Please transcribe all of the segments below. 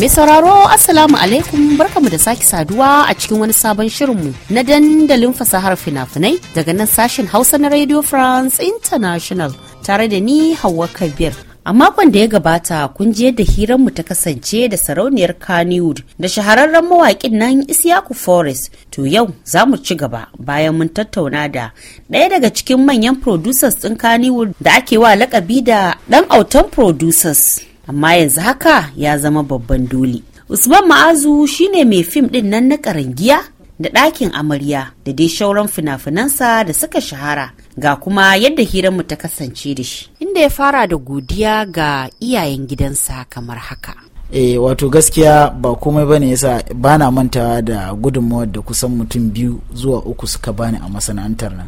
Mai sauraro Assalamu alaikum barkamu da sake saduwa a cikin wani sabon shirinmu na dandalin fasahar fina-finai daga nan sashen Hausa na Radio France International tare da ni Hauwa Kabir. A makon da ya gabata kun je da hiranmu ta kasance da sarauniyar Kannywood da shahararren mawaƙin nan Isiyaku Forest. To yau za mu ci gaba bayan mun tattauna da ɗaya daga cikin manyan producers ɗin Kannywood da ake wa lakabi da ɗan autan producers. amma yanzu haka ya zama babban dole usman ma'azu shine mai fim din nan na karangiya da ɗakin amarya da dai shauran fina-finansa da suka shahara ga kuma yadda hiranmu ta kasance da shi inda ya fara da godiya ga iyayen gidansa kamar haka e wato gaskiya ba komai ba bane yasa ba na mantawa da gudunmawar da kusan mutum biyu zuwa uku suka bani a masana'antar nan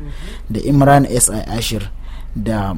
da imran si ashir da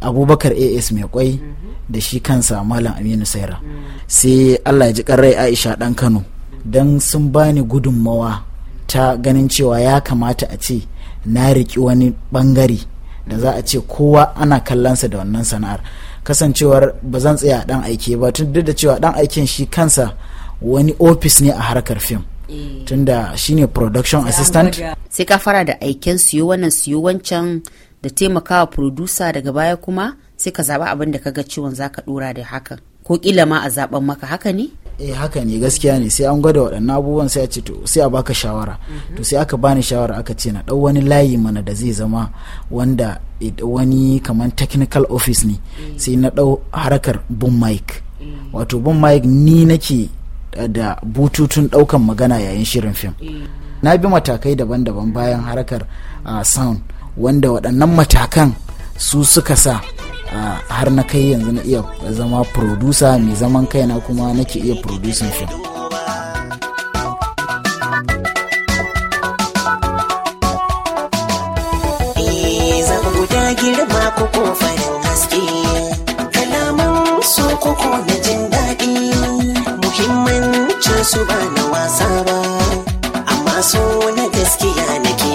abubakar as mai kwai da shi kansa malam aminu saira sai allah ya ji rai aisha dan kano don sun bani gudunmawa ta ganin cewa ya kamata a ce na riki wani bangare da za a ce kowa ana kallonsa da wannan sana'ar kasancewar ba zan tsaya dan aike ba tun duk da cewa dan aikin shi kansa wani ofis ne a harkar fim eh. tunda shine production assistant sai ka fara da aiken siyo wannan siyo wancan da taimakawa producer daga baya kuma sai ka zaɓi abin da ka ga ciwon zaka ɗora da hakan ko kila ma a zaben maka haka ne eh haka ne gaskiya ne sai an gwada waɗannan abubuwan sai a ce to sai a baka shawara mhm. to sai aka bani shawara aka ce na ɗau wani layi mana da zai zama wanda wani kamar technical office ne mm. sai na ɗau harkar boom mic mm. wato boom mic ni nake da bututun ɗaukan magana yayin shirin fim mm. na bi matakai daban-daban bayan harkar ah, sound wanda waɗannan matakan su suka sa har na kai yanzu na iya zama producer mai zaman kaina kuma nake iya producing fim. Eh, girma ko farin haske kalaman su na jin daɗi muhimmanci su ba na wasa ba amma so na gaskiya nake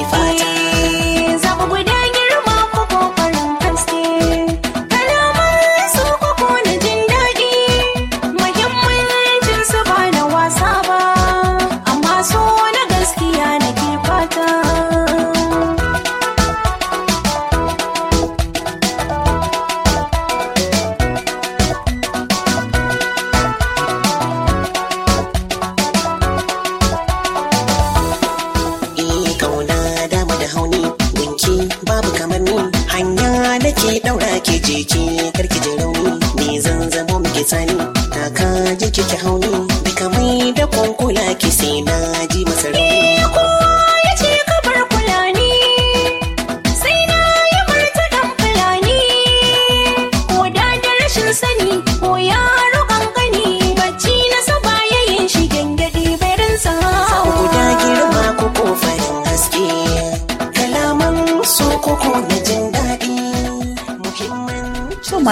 后羿。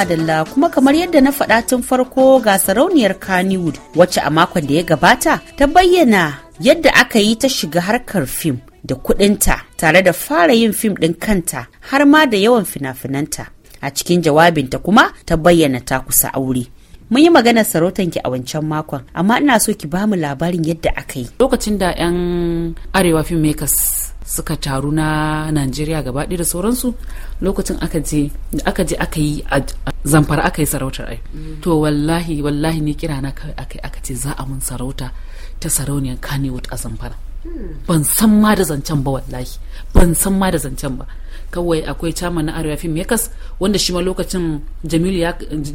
madalla kuma kamar yadda na faɗa tun farko ga sarauniyar Kannywood wacce a makon da ya gabata ta bayyana yadda aka yi ta shiga harkar fim da kudinta tare da fara yin fim ɗin kanta har ma da yawan fina-finanta a cikin jawabinta kuma ta bayyana ta kusa aure mun yi magana ki a wancan makon amma ina so ki bamu labarin yadda aka yi lokacin da 'yan arewa filmmakers suka taru na najeriya gaba da sauransu lokacin aka je aka yi zamfara aka yi sarautar ai to wallahi wallahi ni kira na aka aka ce za a mun sarauta ta sarauniyar kanewood a zamfara hmm. ban san ma da zancen ba wallahi ban san ma da zancen ba kawai akwai chairman na arewa fim yakas wanda shi ma lokacin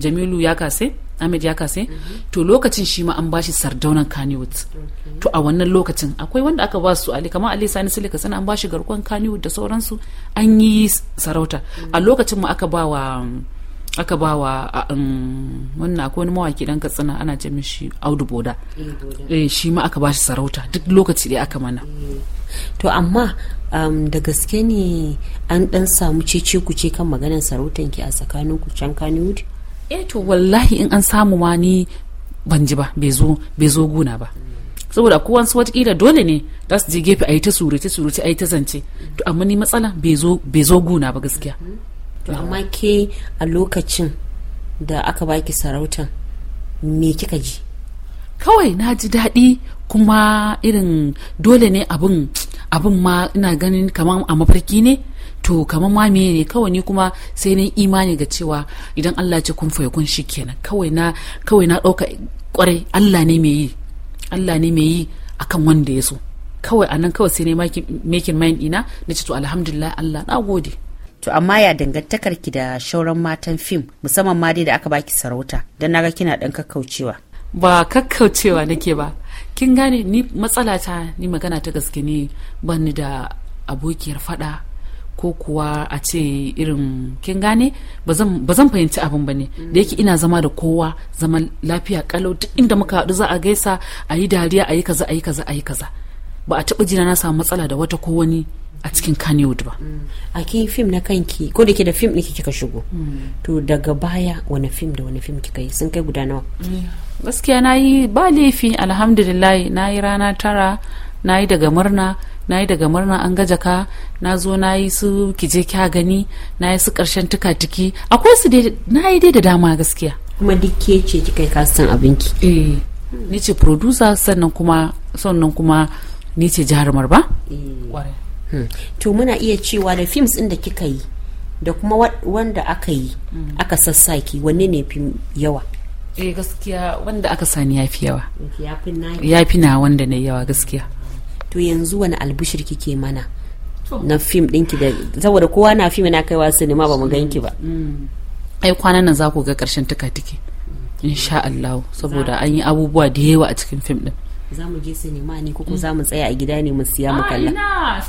jamilu ya ya kase ahmed ya kase to lokacin shi ma an bashi sardaunan kaniwood to a wannan lokacin akwai wanda aka ba su ali kamar ali sani silika sana an bashi garkon kaniwood da sauransu an yi sarauta a lokacin mu aka ba wa aka ba wa um, wannan akwai wani mawaki dan katsina ana ce mishi audu boda eh, shi ma aka ba shi sarauta duk lokaci da aka mana to amma um, da gaske ne an dan samu cece ce kan maganar sarautan ki a tsakanin ku can kaniwood eh to wallahi in an samu wani ni ban ji ba bai zo guna ba saboda kowan su watakila dole ne za su je gefe a yi ta surace- surace a yi ta zance to amma ni matsala bai zo guna ba gaskiya to amma ke a lokacin da aka baki sarautan me kika ji kawai na ji daɗi kuma irin dole ne abin abin ma ina ganin kamar a mafarki ne to kamar ma ne kawai ni kuma sai na imani ga cewa idan Allah ce kun fayakun shi kenan kawai na kawai na ɗauka kwarai Allah ne mai yi Allah ne mai yi akan wanda ya so kawai anan kawai sai na making mind ina na ce to alhamdulillah Allah na gode To amma ya dangantakar ki da shauran matan fim musamman ma dai da aka baki sarauta don naga kina dan kakkaucewa. Ba kakkaucewa nake ba. Kin gane ni matsala ta ni magana ta gaske ne ban ni da abokiyar fada ko kuwa a ce irin kin gane ba zan fahimci abin ba ne da yake ina zama da kowa zaman lafiya kalau duk inda muka haɗu za a gaisa a yi dariya a yi kaza a yi kaza a yi kaza ba a taɓa jina na samu matsala da wata ko wani a cikin kanewood ba. Mm. A kai fim na kanki ko da ke da fim ɗin kika shigo. Mm. To daga baya wani fim da wani fim kika yi sun kai guda nawa. Mm. Gaskiya na yi ba laifi alhamdulillah na yi rana tara na yi daga murna na yi daga murna an gaja ka na zo na yi su kije kya gani na yi su karshen tuki akwai su dai na yi dai da dama gaskiya. Kuma duk ke ce kika yi kasan abinki. Eh. Ni ce producer sannan kuma sannan kuma ni ce jarumar ba eh. hmm. to muna iya cewa da films ɗin da kika yi da kuma wanda aka yi hmm. aka sassaki wanne ne fi yawa eh gaskiya wanda aka sani ya fi yawa ya fi na wanda na yawa gaskiya to yanzu wani albushir kike mana na fim ɗinki da saboda kowa na fim na kaiwa sinima ba mu hmm. ganki ba ai kwanan nan za ku ga karshen tuka-tuki insha Allah saboda an yi abubuwa da yawa a cikin fim ɗin za mu je sinima ne ko mm. za mu tsaya a gida ne mu siya mu ah, kalla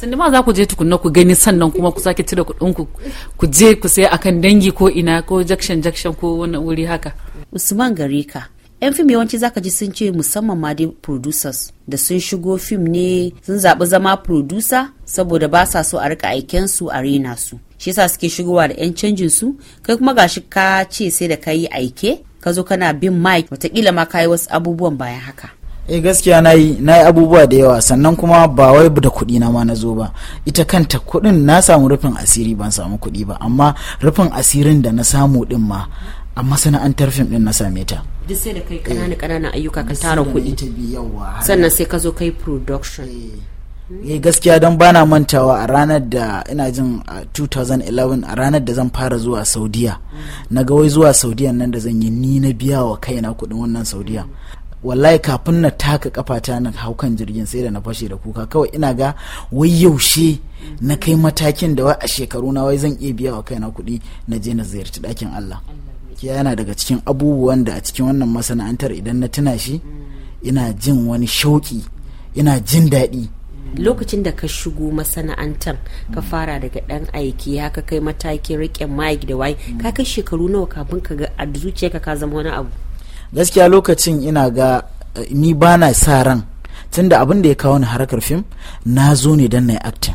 sinima za ku je tukunna ku gani sannan kuma ku sake cire kuɗin ku ku je ku sai akan dangi ko ina ko jakshan jakshan ko wani wuri haka Usman Gareka yan fim yawanci zaka ji sun ce musamman ma dai producers da sun shigo fim ne sun zaɓi zama producer saboda ba sa so a rika aiken su a rena su shi yasa suke shigowa da yan canjin su kai kuma gashi ka ce sai da ka yi aike ka zo kana bin mike watakila ma kayi wasu abubuwan bayan haka eh gaskiya na yi abubuwa da yawa sannan kuma ba wai da kuɗi na ma na zo ba ita kanta kuɗin na samu rufin asiri ban samu kuɗi ba amma rufin asirin da na samu ɗin ma a masana'antar fim ɗin na same ta duk sai da kai eh, ƙananan ƙananan ayyuka ka tara kuɗi sannan sai ka zo kai production eh, eh gaskiya don bana mantawa a ranar da ina jin a 2011 a ranar da zan fara zuwa saudiya mm. na ga wai zuwa saudiya nan da zan yi ni na biya wa kaina kuɗin wannan saudiya wallahi kafin na taka kafata na haukan jirgin sai da na fashe da kuka kawai ina ga wai yaushe na kai matakin da wai a shekaru na wai zan iya biya wa kaina kuɗi na je na ziyarci ɗakin Allah yana daga cikin abubuwan da a cikin wannan masana'antar idan na tuna shi ina jin wani shauƙi ina jin daɗi lokacin da ka shigo masana'antar ka fara daga ɗan aiki haka kai matakin riƙe mic da waye ka kai shekaru nawa kafin ka ga a zuciyarka ka zama wani abu gaskiya lokacin ina ga eh, ni ba sa ran tunda abin da ya kawo ni harkar fim na zo ne don na yi acting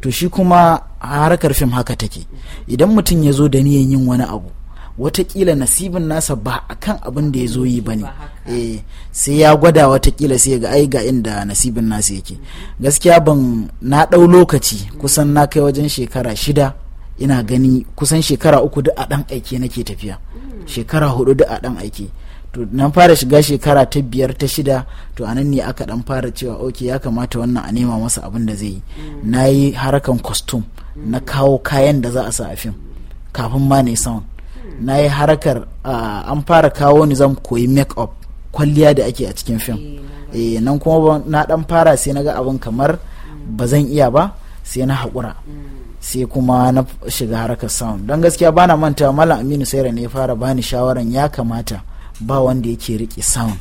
to shi kuma harkar fim haka take idan mutum ya zo da niyan yin wani abu watakila nasibin nasa ba akan kan abin da ya zo yi bane ne eh, sai ya gwada watakila sai ga ai ga inda nasibin nasa yake gaskiya ban na ɗau lokaci kusan na kai wajen shekara shida ina gani kusan shekara uku duk a ɗan aiki nake tafiya hmm. shekara hudu duk a ɗan aike. to nan fara shiga shekara ta biyar ta shida to a nan ne aka dan fara cewa ok ya kamata wannan a nema masa abin da zai yi mm. na yi harakan kwastum na kawo kayan da za a sa a fim kafin ma ne sound na yi mm. harakar an fara kawo ni zan koyi make up kwalliya da ake a cikin fim eh, eh, nan kuma na dan fara sai na ga abin kamar ba zan iya ba sai na haƙura mm. sai kuma na shiga harakar sound don gaskiya bana manta malam aminu saira ne ya fara bani shawaran ya kamata ba wanda yake rike sound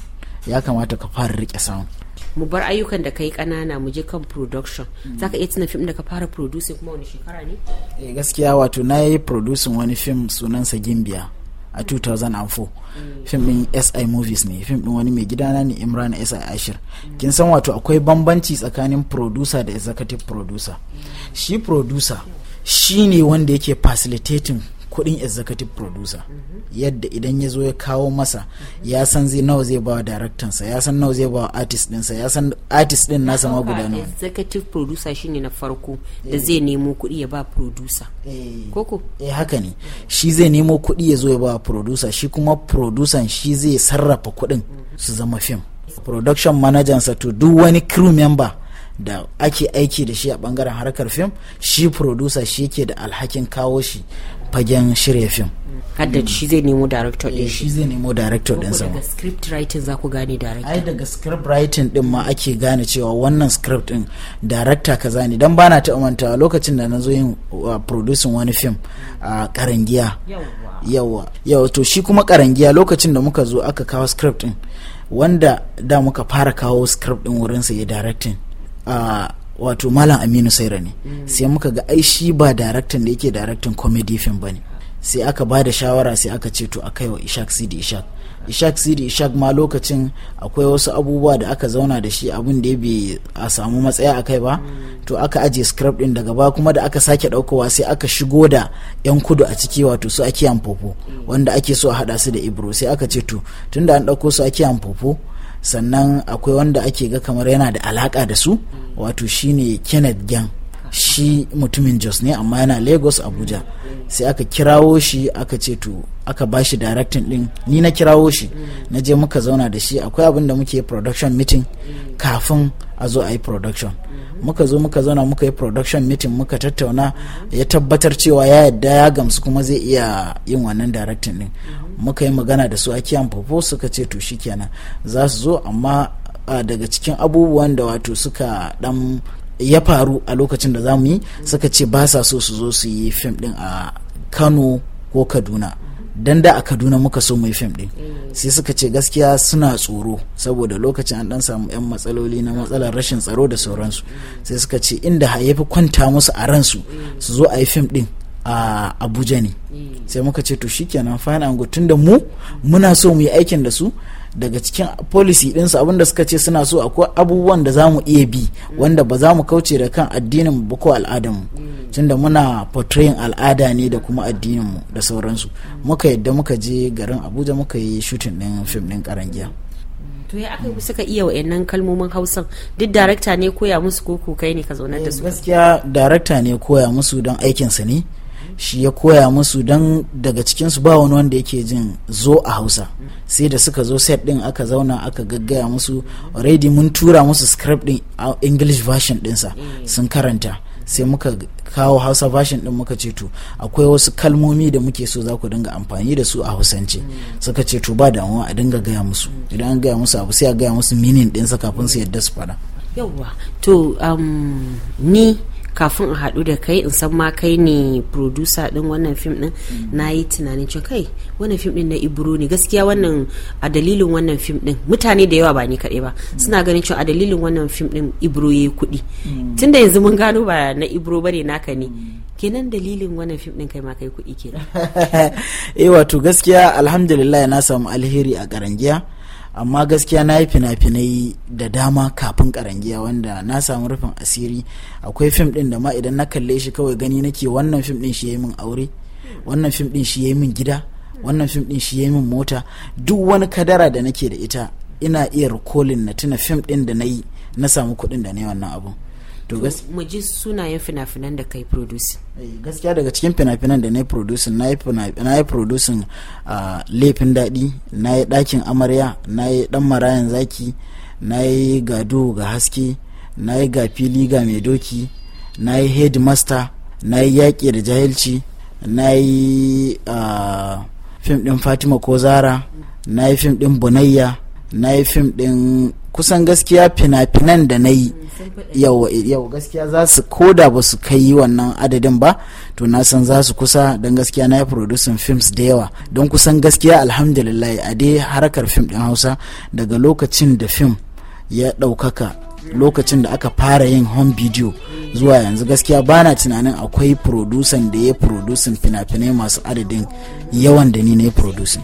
ya kamata ka fara rike sound mu bar ayyukan da kai kanana mu je kan production za ka iya tuna fim da ka fara producing kuma wani shekara ne eh gaskiya wato na yi producing wani fim sunansa gimbiya a 2004 mm. fim din si movies ne fim din wani mai gidana ne imran si ashir kin san wato akwai bambanci tsakanin producer da executive producer mm. shi producer shi ne wanda yake facilitating kuɗin executive producer yadda idan ya zo ya kawo masa ya san zai nawa zai ba sa ya san nawa zai ba artist sa ya san artist din nasa ma guda nawa executive producer shine na farko da eh. zai nemo kuɗi ya ba producer eh. koko eh haka ne shi zai nemo kuɗi ya zo ya ba producer shi kuma producer shi zai sarrafa kuɗin su zama fim production sa to duk wani crew member da ake aiki da shi a bangaren harkar fim shi producer shi ke da alhakin kawo shi fagen shirya fim hadda shi zai nemo director din eh, shi zai nemo director din sa daga script writing za ku gane director ai daga script writing din ma ake gane cewa wannan script din director kaza ne dan bana ta amanta lokacin da na zo yin producing wani film a karangiya yawwa Yawwa. to shi kuma karangiya lokacin da muka zo aka kawo script din wanda da muka fara kawo script din wurin sa ya directing wato malam aminu saira ne sai muka ga ai shi ba daraktan da yake daraktan comedy film ne sai aka ba da shawara sai aka ce to a wa ishak sidi ishak ishak sidi ishak ma lokacin akwai wasu abubuwa da aka zauna da shi abin da ya bai a samu matsaya a kai ba to aka aje script din daga ba kuma da aka sake daukowa sai aka shigo da yan kudu a ciki wato su akiyan fofo wanda ake so a hada su da ibro sai aka ce to tunda an dauko su akiyan fofo sannan akwai wanda ake ga kamar yana da alaka da su wato shi ne kenneth gang shi mutumin jos ne amma yana lagos abuja sai aka kirawo shi aka ce to aka ba shi directin din ni na kirawo shi na je muka zauna da shi akwai abin da muke production meeting kafin a zo a yi production muka zo muka zauna muka yi production meeting muka tattauna ya tabbatar cewa ya yadda ya gamsu kuma zai iya yin wannan directing din muka yi magana da su a kiyan suka ce to shikenan za su zo amma a daga cikin abubuwan da wato suka dan ya faru a lokacin da zamu yi suka ce ba sa so su zo su yi fim din a kano ko kaduna dan da a kaduna muka so mu yi fim din sai suka ce gaskiya suna tsoro saboda lokacin an dan samu yan matsaloli na matsalar rashin tsaro da sauransu sai suka ce inda ha fi kwanta musu a ransu su zo a yi fim din a abuja ne hmm. sai muka ce to shikenan fine and tunda mu muna so mu yi aikin da su daga cikin policy ɗinsu abinda suka ce suna so akwai abubuwan da zamu iya bi hmm. wanda ba za mu kauce da kan addinin ba ko al'adarmu hmm. tunda muna portraying al'ada ne da kuma addinin mu da sauransu muka yadda muka je garin abuja muka yi shooting din fim din karangiya to ya aka suka iya wa'annan kalmomin hausan duk darakta ne koya musu ko kai ne ka zaunar da su eh, gaskiya darakta ne koya musu don aikinsa ne shi ya koya musu don daga cikinsu ba wani wanda yake jin zo a hausa sai da suka zo set din aka zauna aka gaggaya musu already mun tura musu script din english version dinsa eh. sun karanta sai muka kawo hausa version din muka ce to akwai wasu kalmomi da muke so za ku dinga amfani da su a hausance hmm. suka ce to ba damuwa a dinga gaya musu hmm. idan an gaya musu abu sai a gaya musu meaning dinsa kafin su yadda su fada yawwa to um, ni kafin a haɗu da kai in san ma kai ne producer din wannan fim din mm. na yi tunanin cewa kai wannan fim din na ibro ne gaskiya wannan a dalilin wannan fim ɗin mutane da yawa ba ni kaɗai ba mm. suna ganin cewa a dalilin wannan fim din ibro ya yi kuɗi mm. tunda yanzu mun gano ba na ibro ba ne naka ne kenan dalilin wannan fim din kai ma kai kuɗi kenan eh wato gaskiya alhamdulillah na samu alheri a karangiya amma gaskiya na yi fina-finai da dama kafin karangiya wanda na samu rufin asiri akwai fim din da ma idan na kalle shi kawai gani nake wannan fim din shi ya yi min aure wannan fim din shi ya yi min gida wannan fim din shi ya yi min mota duk wani kadara da nake da ita ina iya rikolin na tuna fim din da na yi na samu kuɗin da na yi wannan abun to mu ji sunayen fina-finan da kai produce gaskiya daga cikin fina-finan da na yi produce na yi a laifin daɗi na yi ɗakin amarya na yi ɗan marayan zaki na yi gado ga haske na yi ga fili ga mai doki na yi headmaster na yi yaƙi da jahilci na yi fim ɗin fatima ko zara na yi fim ɗin bunayya na yi fim ɗin kusan gaskiya fina-finan da na yi yau eh, gaskiya za su koda ba su kai wannan adadin ba to na san za su kusa don gaskiya na yi producing films da yawa don kusan gaskiya alhamdulillah a dai harkar fim din hausa daga lokacin da fim ya ɗaukaka lokacin da aka fara yin home video zuwa yanzu gaskiya ba na tunanin akwai producer da ya producing fina-finai masu adadin yawan da ni na yi producing.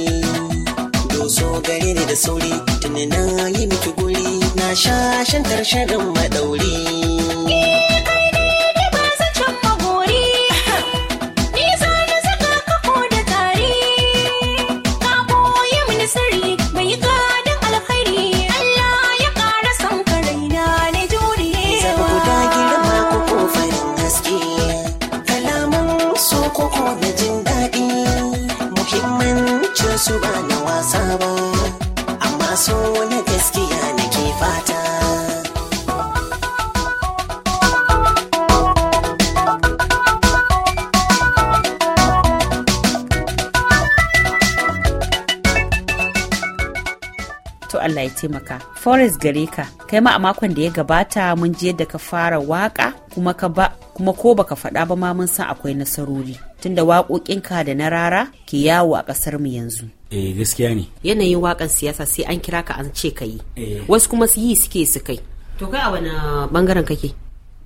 gare ni da sauri tuni na yi miki guri na sha shan tarshen madauri. so wani gaskiya na ke fata to Allah ya taimaka forest gare ka kai ma a makon da ya gabata mun je yadda ka fara waka kuma kuma ko baka faɗa ba ma mun san akwai nasarori tunda ka da na rara ke yawo a ƙasar mu yanzu eh gaskiya ne yanayin waƙan siyasa sai an kira ka an ce ka yi eh. wasu kuma su yi suke su kai to kai a wani bangaren kake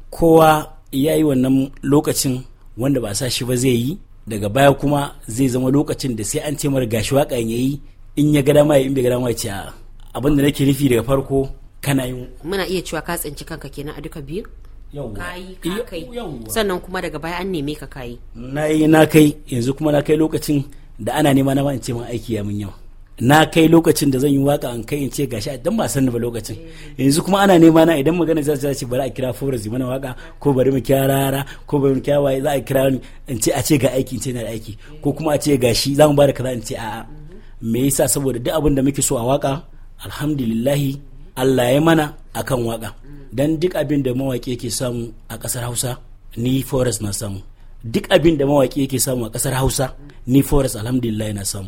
kowa ya yi wannan lokacin wanda ba sa shi ba zai yi daga baya kuma zai zama lokacin da sai an ce mara gashi waƙa ya yi in ya gada ma in bai gada ma ya ce abin da nake nufi daga farko kana muna iya cewa ka tsinci kanka kenan a duka biyu kayi ka eh, sannan kuma daga baya an neme ka kayi na yi na kai yanzu kuma na kai lokacin da ana nema na in ce aiki ya mun yau na kai lokacin da zan yi waka an kai in ce gashi a ba san ba lokacin yanzu kuma ana nema na idan magana za ta ce bari a kira forest mana waka ko bari mu kira rara ko bari mu kira waye za a kira ni in ce a ce ga aiki in ce na da aiki ko kuma a ce gashi za mu ba da kaza in ce a me yasa saboda duk abin da muke so a waka alhamdulillahi Allah ya mana akan waka dan duk abin da mawaƙi yake samu a ƙasar hausa ni forest na samu duk abin da mawaƙi yake samu a ƙasar hausa ni forest alhamdulillah na samu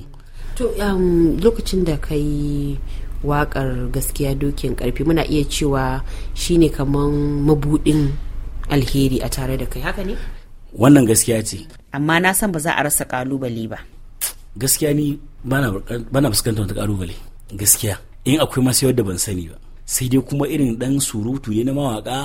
to um, lokacin da ka yi waƙar gaskiya dokin ƙarfi muna iya cewa shine kaman mabuɗin alheri a tare da kai haka ne wannan gaskiya ce amma na san ba za a rasa ƙalubale ba gaskiya ni bana fuskantar wata ƙalubale gaskiya in akwai masu da ban sani ba sai dai kuma irin dan surutu ne na mawaka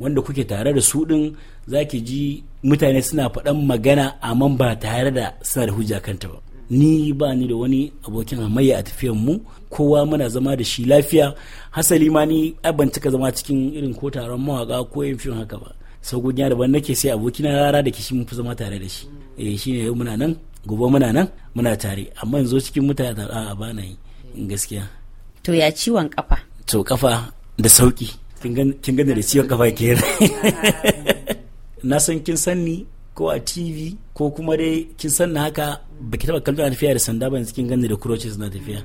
wanda kuke tare da su din zaki ji mutane suna faɗan magana amma ba tare da suna da hujja kanta ba ni ba ni da wani abokin hamayya a tafiyar mu kowa muna zama da shi lafiya hasali ma ni ban cika zama cikin irin ko taron mawaka ko yin fim haka ba sau gudunya daban nake sai abokina rara da kishi mun fi zama tare da shi eh shine yau muna nan gobe muna nan muna tare amma yanzu cikin mutane a bana yi gaskiya to ya ciwon kafa to kafa da sauki kin gane da ciwon kafa ke na san kin san ko a tv ko kuma dai kin san na haka baki taba kallon tafiya da sanda ba kin gane da crutches na tafiya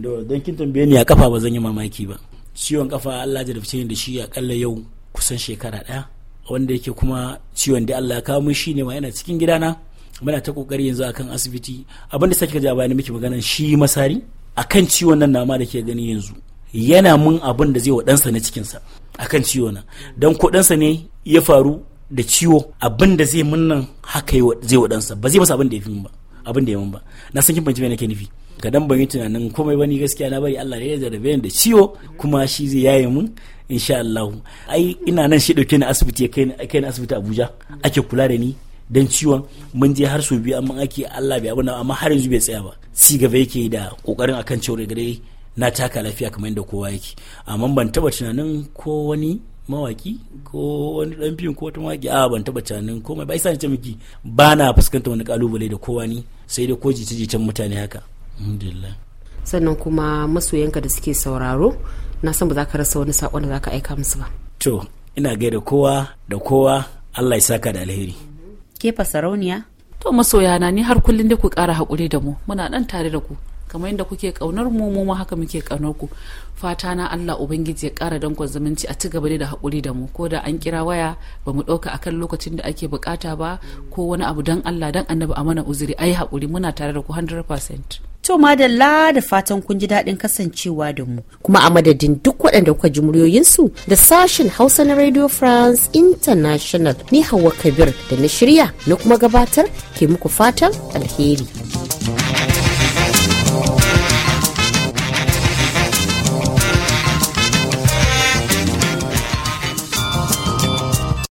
don kin tambaye ni a kafa ba zan yi mamaki ba ciwon kafa Allah ya dafice ni da shi akalla yau kusan shekara daya wanda yake kuma ciwon da Allah ya kawo mun ne ma yana cikin gidana muna ta kokari yanzu akan asibiti abin da sake ji a bayan miki magana shi masari akan ciwon nan nama da ke gani yanzu yana mun abin da zai wa ɗansa na cikinsa akan ciwo na don ko ɗansa ne ya faru da ciwo abin da zai mun nan haka zai wa ɗansa ba zai masa abin da ya fi ba abin da ya mun ba na san kin fahimci me nake nufi kadan ban yi tunanin komai ni gaskiya na bari Allah ne ya jarabe ni da ciwo kuma shi zai yaye mun insha Allah ai ina nan shi dauke ni asibiti kai ni asibiti Abuja ake kula da ni dan ciwon mun je har su biyu amma ake Allah bai abin amma har yanzu bai tsaya ba ci gaba yake da kokarin akan ciwon da dai na taka lafiya kamar yadda kowa yake amma ban taba tunanin ko wani mawaki ko wani dan biyun ko wata mawaki a ban taba tunanin ko ba isa ce miki ba na fuskantar wani kalubale da kowa ni sai da ko jita mutane haka alhamdulillah sannan kuma masoyanka da suke sauraro na san ba za ka rasa wani sakon da za ka aika musu ba to ina gaida kowa da kowa Allah ya saka da alheri kefa sarauniya to masoyana ni har kullun dai ku kara hakuri da mu muna nan tare da ku kamar yadda kuke kaunar mu mu ma haka muke kaunar ku fata na Allah ubangiji ya kara dankon zumunci a ci gaba da hakuri da mu ko da an kira waya ba mu dauka akan lokacin da ake bukata ba ko wani abu dan Allah dan annabi a mana uzuri ai hakuri muna tare da ku 100% To madalla da fatan kun ji daɗin kasancewa da mu. Kuma a madadin duk waɗanda kuka ji muryoyinsu da sashen Hausa na Radio France International ni Hauwa Kabir da na shirya na kuma gabatar ke muku fatan alheri.